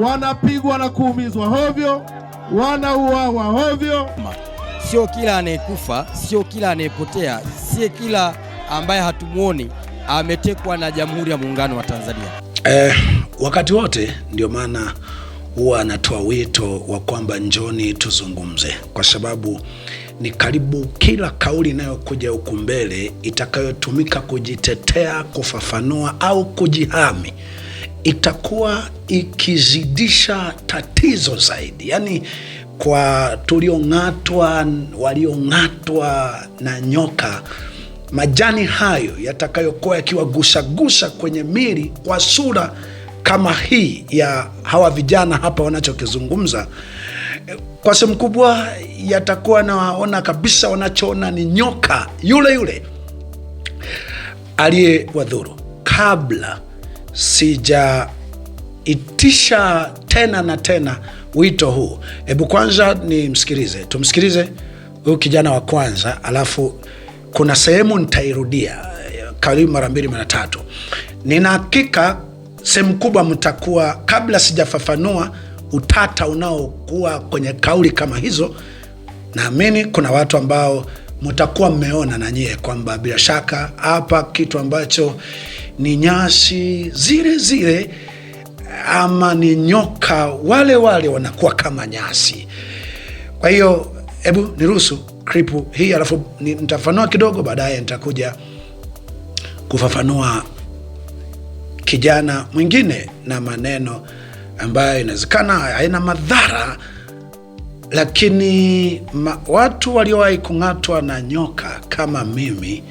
wanapigwa na kuumizwa hovyo, wanauawa hovyo. Sio kila anayekufa, sio kila anayepotea, sio kila ambaye hatumwoni ametekwa na Jamhuri ya Muungano wa Tanzania. Eh, wakati wote ndio maana huwa anatoa wito wa kwamba njoni tuzungumze, kwa sababu ni karibu kila kauli inayokuja huku mbele itakayotumika kujitetea, kufafanua au kujihami itakuwa ikizidisha tatizo zaidi, yaani kwa tuliong'atwa, waliong'atwa na nyoka, majani hayo yatakayokuwa yakiwagusagusa kwenye mili kwa sura kama hii ya hawa vijana hapa wanachokizungumza, kwa sehemu kubwa yatakuwa nawaona kabisa, wanachoona ni nyoka yule yule aliyewadhuru kabla sijaitisha tena na tena wito huu. Hebu kwanza nimsikilize, tumsikilize huyu kijana wa kwanza, alafu kuna sehemu nitairudia karibu mara mbili mara tatu. Nina hakika sehemu kubwa mtakuwa, kabla sijafafanua utata unaokuwa kwenye kauli kama hizo, naamini kuna watu ambao mtakuwa mmeona na nyie kwamba bila shaka hapa kitu ambacho ni nyasi zile zile ama ni nyoka wale wale wanakuwa kama nyasi. Kwa hiyo hebu niruhusu kripu hii, alafu nitafafanua kidogo, baadaye nitakuja kufafanua kijana mwingine na maneno ambayo inawezekana haina madhara, lakini ma, watu waliowahi kung'atwa na nyoka kama mimi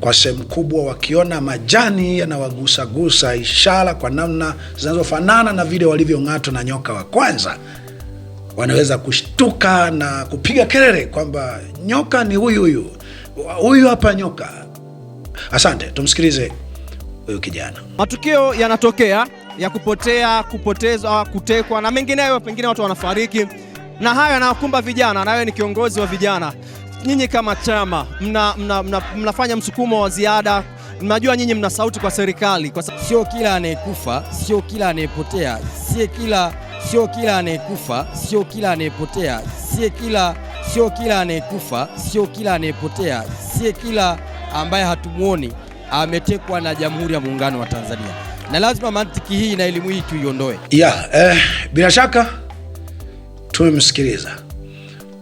kwa sehemu kubwa wakiona majani yanawagusagusa, ishara kwa namna zinazofanana na vile walivyong'atwa na nyoka wa kwanza, wanaweza kushtuka na kupiga kelele kwamba nyoka ni huyu huyu, huyu hapa nyoka. Asante, tumsikilize huyu kijana. Matukio yanatokea ya kupotea, kupotezwa, kutekwa na mengineyo, pengine watu wanafariki, na hayo yanawakumba vijana, nawe ni kiongozi wa vijana nyinyi kama chama mna, mna, mna, mnafanya msukumo wa ziada? Mnajua nyinyi mna sauti kwa serikali kwa... sio kila anayekufa, sio kila anayepotea, sio kila sio kila anayekufa, sio kila anayepotea, sio kila sio kila anayekufa, sio kila anayepotea, sio kila ambaye hatumwoni ametekwa na Jamhuri ya Muungano wa Tanzania, na lazima mantiki hii na elimu hii tuiondoe. Yeah, eh, bila shaka tumemsikiliza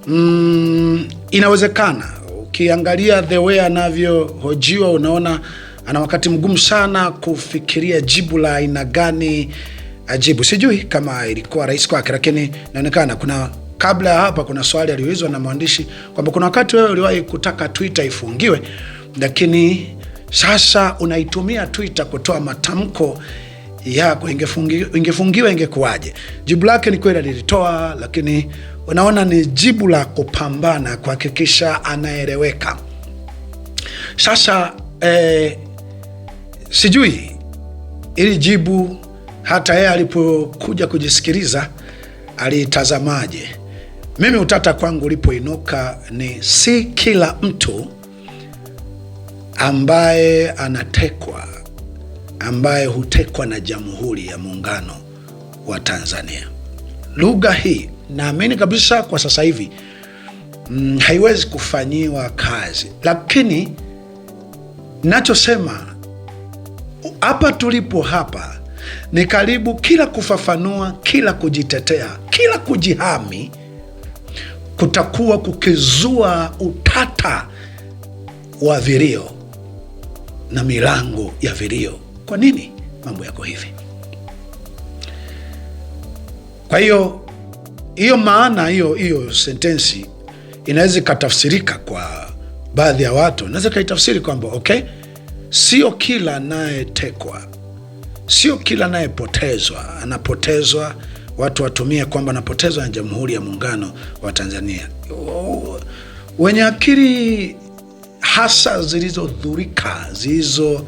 mm, inawezekana. Ukiangalia the way anavyohojiwa, unaona ana wakati mgumu sana kufikiria jibu la aina gani ajibu. Sijui kama ilikuwa rahisi kwake, lakini inaonekana kuna kabla ya hapa kuna swali aliyoulizwa na mwandishi kwamba kuna wakati wewe uliwahi kutaka Twitter ifungiwe, lakini sasa unaitumia Twitter kutoa matamko yako, ingefungiwa ingekuwaje? Jibu lake ni kweli alilitoa, lakini unaona ni jibu la kupambana kuhakikisha anaeleweka. Sasa eh, sijui ili jibu hata yeye alipokuja kujisikiliza alitazamaje. Mimi utata kwangu ulipoinuka ni si kila mtu ambaye anatekwa, ambaye hutekwa na Jamhuri ya Muungano wa Tanzania lugha hii naamini kabisa kwa sasa hivi mm, haiwezi kufanyiwa kazi, lakini nachosema hapa tulipo hapa ni karibu kila kufafanua, kila kujitetea, kila kujihami kutakuwa kukizua utata wa vilio na milango ya vilio. Kwa nini mambo yako hivi? Kwa hiyo hiyo maana hiyo hiyo sentensi inaweza ikatafsirika kwa baadhi ya watu, naweza ikaitafsiri kwamba okay, sio kila anayetekwa, sio kila anayepotezwa anapotezwa, watu watumie kwamba anapotezwa na Jamhuri ya Muungano wa Tanzania. Wenye akili hasa zilizodhurika zilizo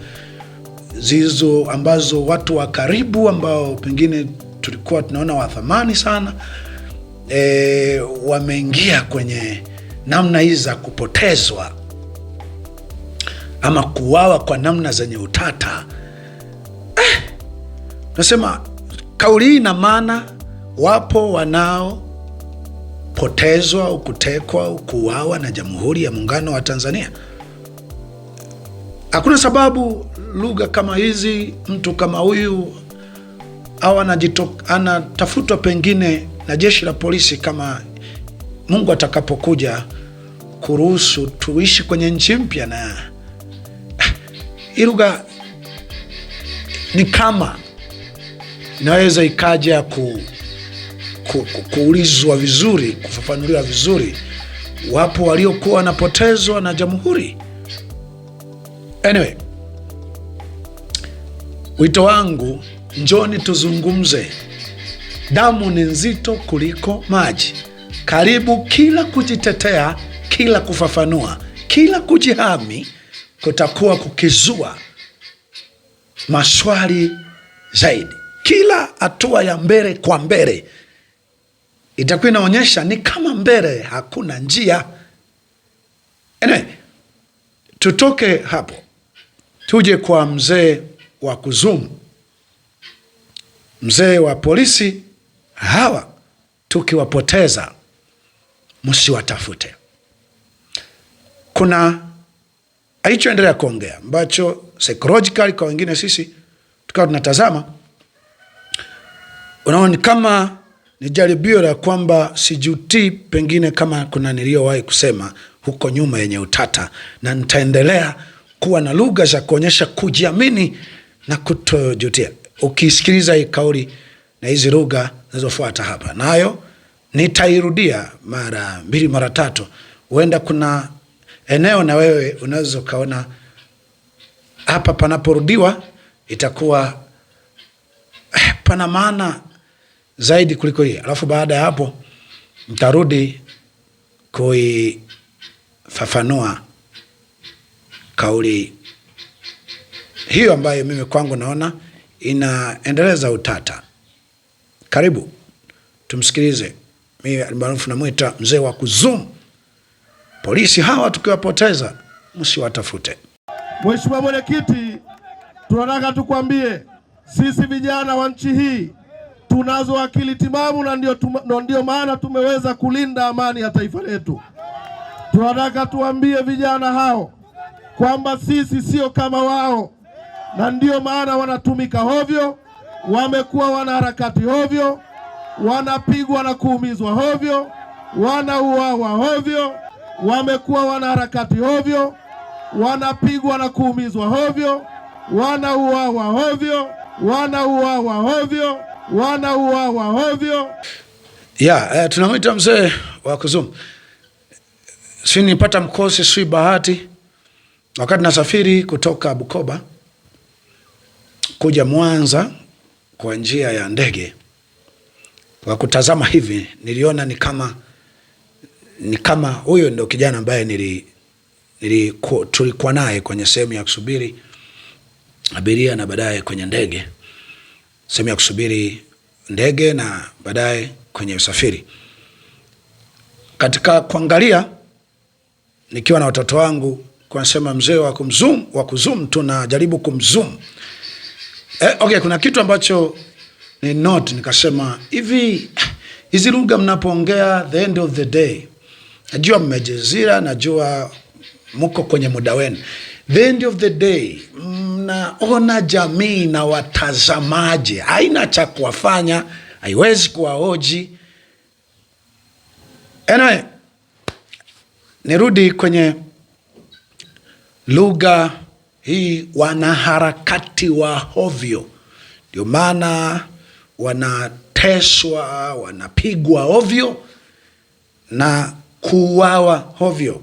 ambazo watu wa karibu ambao pengine tulikuwa tunaona wathamani sana e, wameingia kwenye namna hizi za kupotezwa ama kuuawa kwa namna zenye utata eh, nasema kauli hii ina maana wapo wanaopotezwa, ukutekwa, kuuawa na Jamhuri ya Muungano wa Tanzania. Hakuna sababu lugha kama hizi, mtu kama huyu au anatafutwa pengine na jeshi la polisi, kama Mungu atakapokuja kuruhusu tuishi kwenye nchi mpya. Na hii lugha ni kama inaweza ikaja ku, ku, ku, kuulizwa vizuri, kufafanuliwa vizuri. Wapo waliokuwa wanapotezwa na jamhuri. Anyway, wito wangu Njoni tuzungumze. Damu ni nzito kuliko maji. Karibu kila kujitetea, kila kufafanua, kila kujihami, kutakuwa kukizua maswali zaidi. Kila hatua ya mbele kwa mbele itakuwa inaonyesha ni kama mbele hakuna njia. Anyway, tutoke hapo tuje kwa mzee wa kuzumu mzee wa polisi, hawa tukiwapoteza msiwatafute. Kuna alichoendelea kuongea ambacho psychologically kwa wengine sisi tukawa tunatazama, unaona kama ni jaribio la kwamba sijutii, pengine kama kuna niliyowahi kusema huko nyuma yenye utata, na nitaendelea kuwa na lugha za kuonyesha kujiamini na kutojutia ukisikiliza hii kauli na hizi lugha zinazofuata hapa, nayo nitairudia mara mbili mara tatu. Huenda kuna eneo na wewe unaweza ukaona hapa panaporudiwa itakuwa eh, pana maana zaidi kuliko hii. Alafu baada ya hapo mtarudi kuifafanua kauli hiyo ambayo mimi kwangu naona inaendeleza utata. Karibu tumsikilize. Mi almaarufu namwita mzee wa kuzumu. Polisi hawa tukiwapoteza, msiwatafute. Mheshimiwa Mwenyekiti, tunataka tukwambie sisi vijana wa nchi hii tunazo akili timamu na ndio, tuma, ndio maana tumeweza kulinda amani ya taifa letu. Tunataka tuambie vijana hao kwamba sisi sio kama wao na ndio maana wanatumika hovyo, wamekuwa wanaharakati hovyo, wanapigwa na kuumizwa hovyo, wanauawa hovyo, wamekuwa wanaharakati hovyo, wanapigwa na kuumizwa hovyo, wanauawa hovyo, wanauawa hovyo, wanauawa hovyo. Ya eh, tunamwita mzee wa kuzumu, si nipata mkosi, si bahati, wakati nasafiri kutoka Bukoba kuja Mwanza kwa njia ya ndege, kwa kutazama hivi niliona ni kama ni kama huyo ndio kijana ambaye nili, nili tulikuwa naye kwenye sehemu ya kusubiri abiria na baadaye kwenye ndege, sehemu ya kusubiri ndege na baadaye kwenye usafiri. Katika kuangalia nikiwa na watoto wangu, kwa sema mzee wa kumzoom wa kuzoom, tunajaribu kumzoom Eh, okay, kuna kitu ambacho ni note nikasema hivi hizi lugha mnapoongea the end of the day. Najua mmejezira, najua muko kwenye muda wenu. The end of the day mnaona jamii na watazamaji haina cha kuwafanya, haiwezi kuwahoji. Anyway, nirudi kwenye lugha hii wanaharakati wa hovyo, ndio maana wanateswa, wanapigwa hovyo na kuuawa hovyo.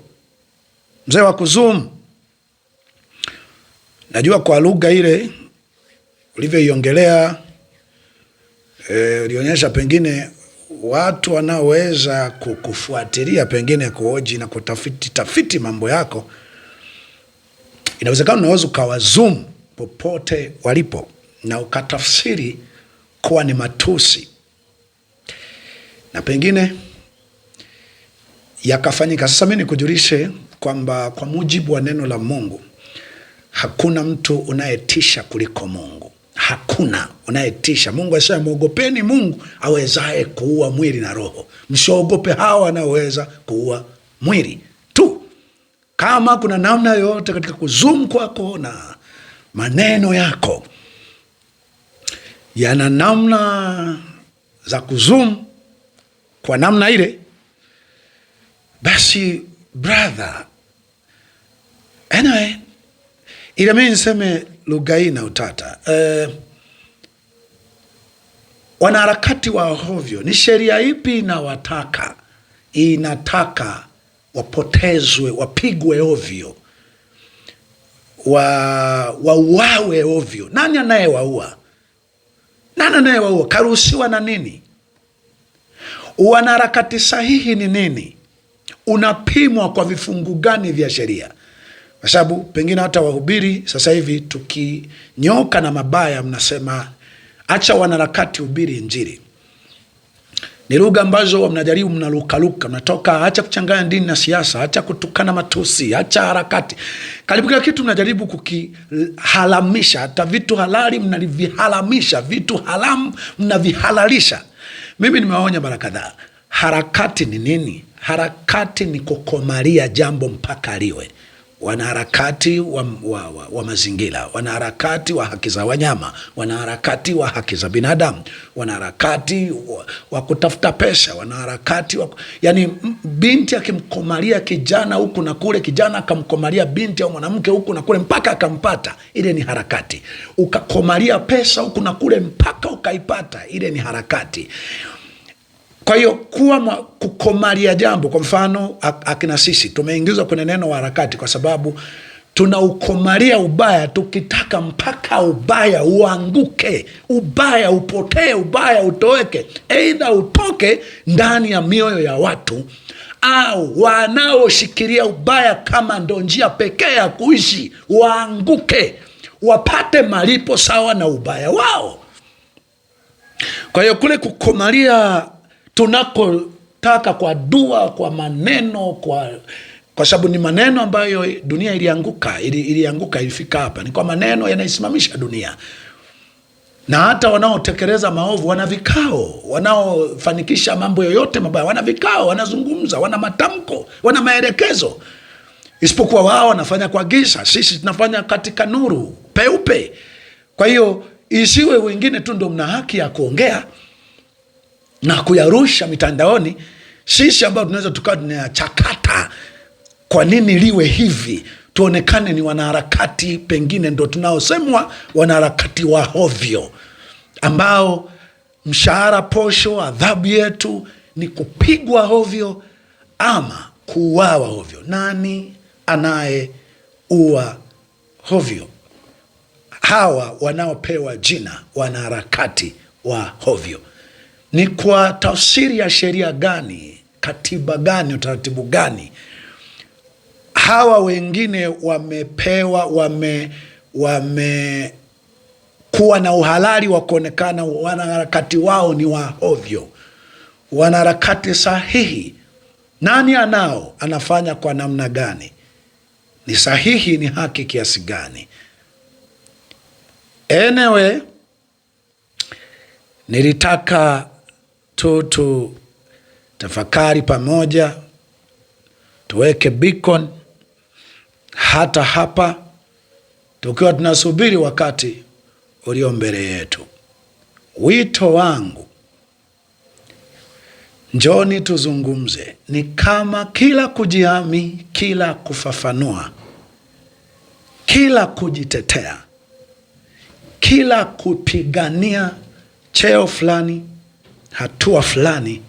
Mzee wa kuzumu, najua kwa lugha ile ulivyoiongelea e, ulionyesha pengine watu wanaoweza kukufuatilia pengine kuoji na kutafiti tafiti mambo yako Inawezekana unaweza ukawazum popote walipo na ukatafsiri kuwa ni matusi, na pengine yakafanyika. Sasa mi nikujulishe kwamba kwa mujibu wa neno la Mungu hakuna mtu unayetisha kuliko Mungu. Hakuna unayetisha Mungu. Asema, mwogopeni Mungu awezaye kuua mwili na roho, msiogope hawa wanaoweza kuua mwili kama kuna namna yoyote katika kuzum kwako na maneno yako yana namna za kuzum kwa namna ile, basi brother, anyway, ila mi niseme lugha hii na utata eh, wanaharakati wa hovyo, ni sheria ipi inawataka inataka wapotezwe, wapigwe ovyo, wauawe ovyo. Nani anayewaua? Nani anayewaua? Karuhusiwa na nini? Wanaharakati sahihi ni nini? Unapimwa kwa vifungu gani vya sheria? Kwa sababu pengine hata wahubiri sasa hivi tukinyoka na mabaya, mnasema acha wanaharakati, hubiri Injili ni lugha ambazo mnajaribu mnalukaluka, mnatoka acha kuchanganya dini na siasa, acha kutukana matusi, acha harakati, karibu kila kitu mnajaribu kukihalamisha. Hata vitu halali mnavihalamisha, vitu haramu mnavihalalisha. Mimi nimewaonya mara kadhaa, harakati ni nini? Harakati ni kukomalia jambo mpaka liwe wanaharakati wa, wa, wa, wa mazingira, wanaharakati wa haki za wanyama, wanaharakati wa haki za binadamu, wanaharakati wa, wa kutafuta pesa, wanaharakati wa, yani binti akimkomalia kijana huku na kule, kijana akamkomalia binti au mwanamke huku na kule mpaka akampata, ile ni harakati. Ukakomalia pesa huku na kule mpaka ukaipata, ile ni harakati. Kwa hiyo kuwa kukomalia jambo, kwa mfano akina sisi tumeingizwa kwenye neno harakati kwa sababu tunaukomalia ubaya tukitaka mpaka ubaya uanguke, ubaya upotee, ubaya utoweke, eidha utoke ndani ya mioyo ya watu au wanaoshikilia ubaya kama ndo njia pekee ya kuishi waanguke, wapate malipo sawa na ubaya wao. Kwa hiyo kule kukomalia tunakotaka kwa dua, kwa maneno, kwa kwa sababu ni maneno ambayo dunia ilianguka, ili, ilianguka ilifika hapa, ni kwa maneno yanaisimamisha dunia. Na hata wanaotekeleza maovu wana vikao, wanaofanikisha mambo yoyote mabaya wana vikao, wanazungumza, wana matamko, wana maelekezo, isipokuwa wao wanafanya kwa giza, sisi tunafanya katika nuru peupe. Kwa hiyo isiwe wengine tu ndo mna haki ya kuongea na kuyarusha mitandaoni, sisi ambao tunaweza tukawa tunayachakata, kwa nini liwe hivi? Tuonekane ni wanaharakati, pengine ndo tunaosemwa wanaharakati wa hovyo, ambao mshahara, posho, adhabu yetu ni kupigwa hovyo ama kuuawa hovyo. Nani anayeua hovyo? Hawa wanaopewa jina wanaharakati wa hovyo ni kwa tafsiri ya sheria gani, katiba gani, utaratibu gani hawa wengine wamepewa wame wamekuwa na uhalali wa kuonekana wanaharakati wao ni wa ovyo, wanaharakati sahihi. Nani anao? Anafanya kwa namna gani? Ni sahihi? Ni haki kiasi gani? Enewe nilitaka tu tu tafakari pamoja, tuweke beacon hata hapa tukiwa tunasubiri wakati ulio mbele yetu. Wito wangu, njoni tuzungumze. Ni kama kila kujihami, kila kufafanua, kila kujitetea, kila kupigania cheo fulani hatua fulani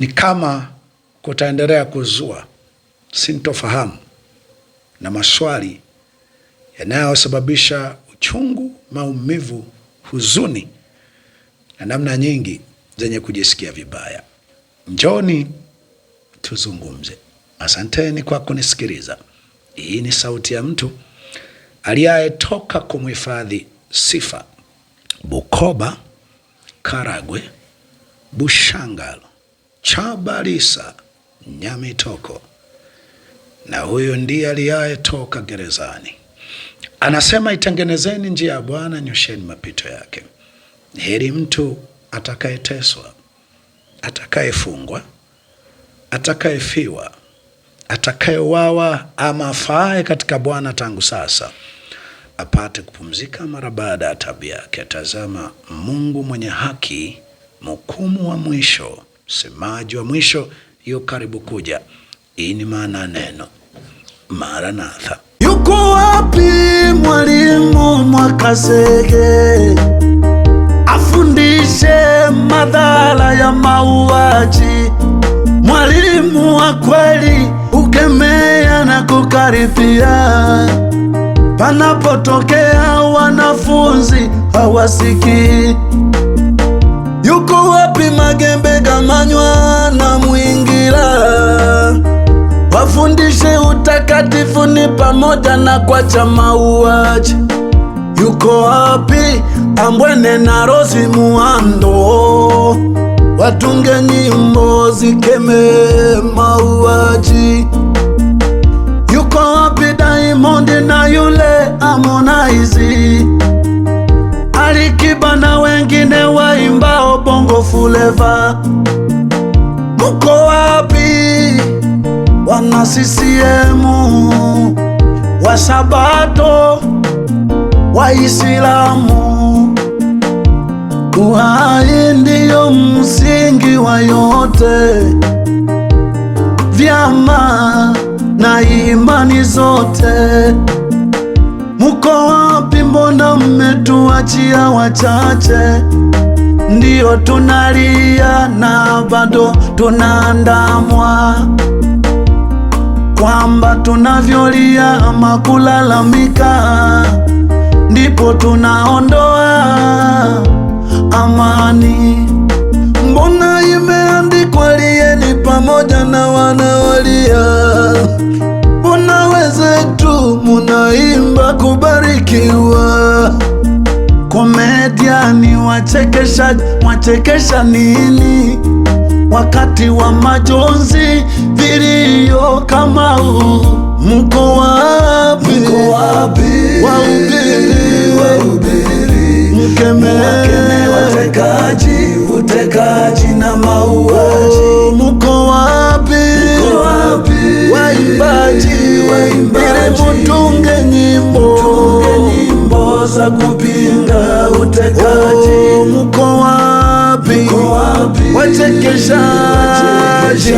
ni kama kutaendelea kuzua sintofahamu na maswali yanayosababisha uchungu, maumivu, huzuni na namna nyingi zenye kujisikia vibaya. Njoni tuzungumze. Asanteni kwa kunisikiliza. Hii ni sauti ya mtu aliyetoka kumhifadhi sifa Bukoba. Karagwe, Bushangalo, Chabalisa, Nyamitoko. Na huyo ndiye aliyetoka gerezani, anasema itengenezeni njia ya Bwana, nyosheni mapito yake. Heri mtu atakayeteswa, atakayefungwa, atakayefiwa, atakayewawa ama afae katika Bwana tangu sasa apate kupumzika mara baada ya tabia yake. Atazama Mungu mwenye haki, mhukumu wa mwisho, msemaji wa mwisho, yu karibu kuja. Hii ni maana ya neno Maranatha. Yuko wapi mwalimu Mwakasege afundishe madhara ya mauaji? Mwalimu wa kweli ukemea na kukaribia panapotokea wanafunzi hawasikii. Yuko wapi Magembe, Gamanywa na Mwingila? Wafundishe utakatifu ni pamoja na kwacha mauaji. Yuko wapi Ambwene na Rosi Muhando? Watunge nyimbo zikeme mauaji. Diamond na yule Harmonize, Alikiba na wengine waimbao oh, bongo fuleva, muko wapi wana CCM wa Sabato Waislamu? Uhai ndiyo msingi wa yote vyama na imani zote. Muko wapi? Mbona mmetuachia wachache? Ndiyo tunalia na bado tunaandamwa kwamba tunavyolia ama kulalamika, ndipo tunaondoa amani. Mbona imeandikwa lieni pamoja na wanaolia yetu munaimba kubarikiwa. Komedia ni wachekesha, wachekesha nini? Wakati wa majonzi, vilio kama huu, mko wapi? Wahubiri, wahubiri, mkeme watekaji, utekaji na mauaji, mko wapi? Waimbaji mbele mutunge nyimbo za kupinga utekaji. Oh, muko wapi wachekeshaji?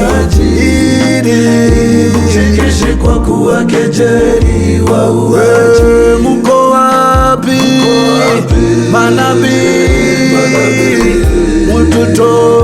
Ili mchekeshe kwa kuwakejeli wauaji. Hey, muko wapi manabii mututo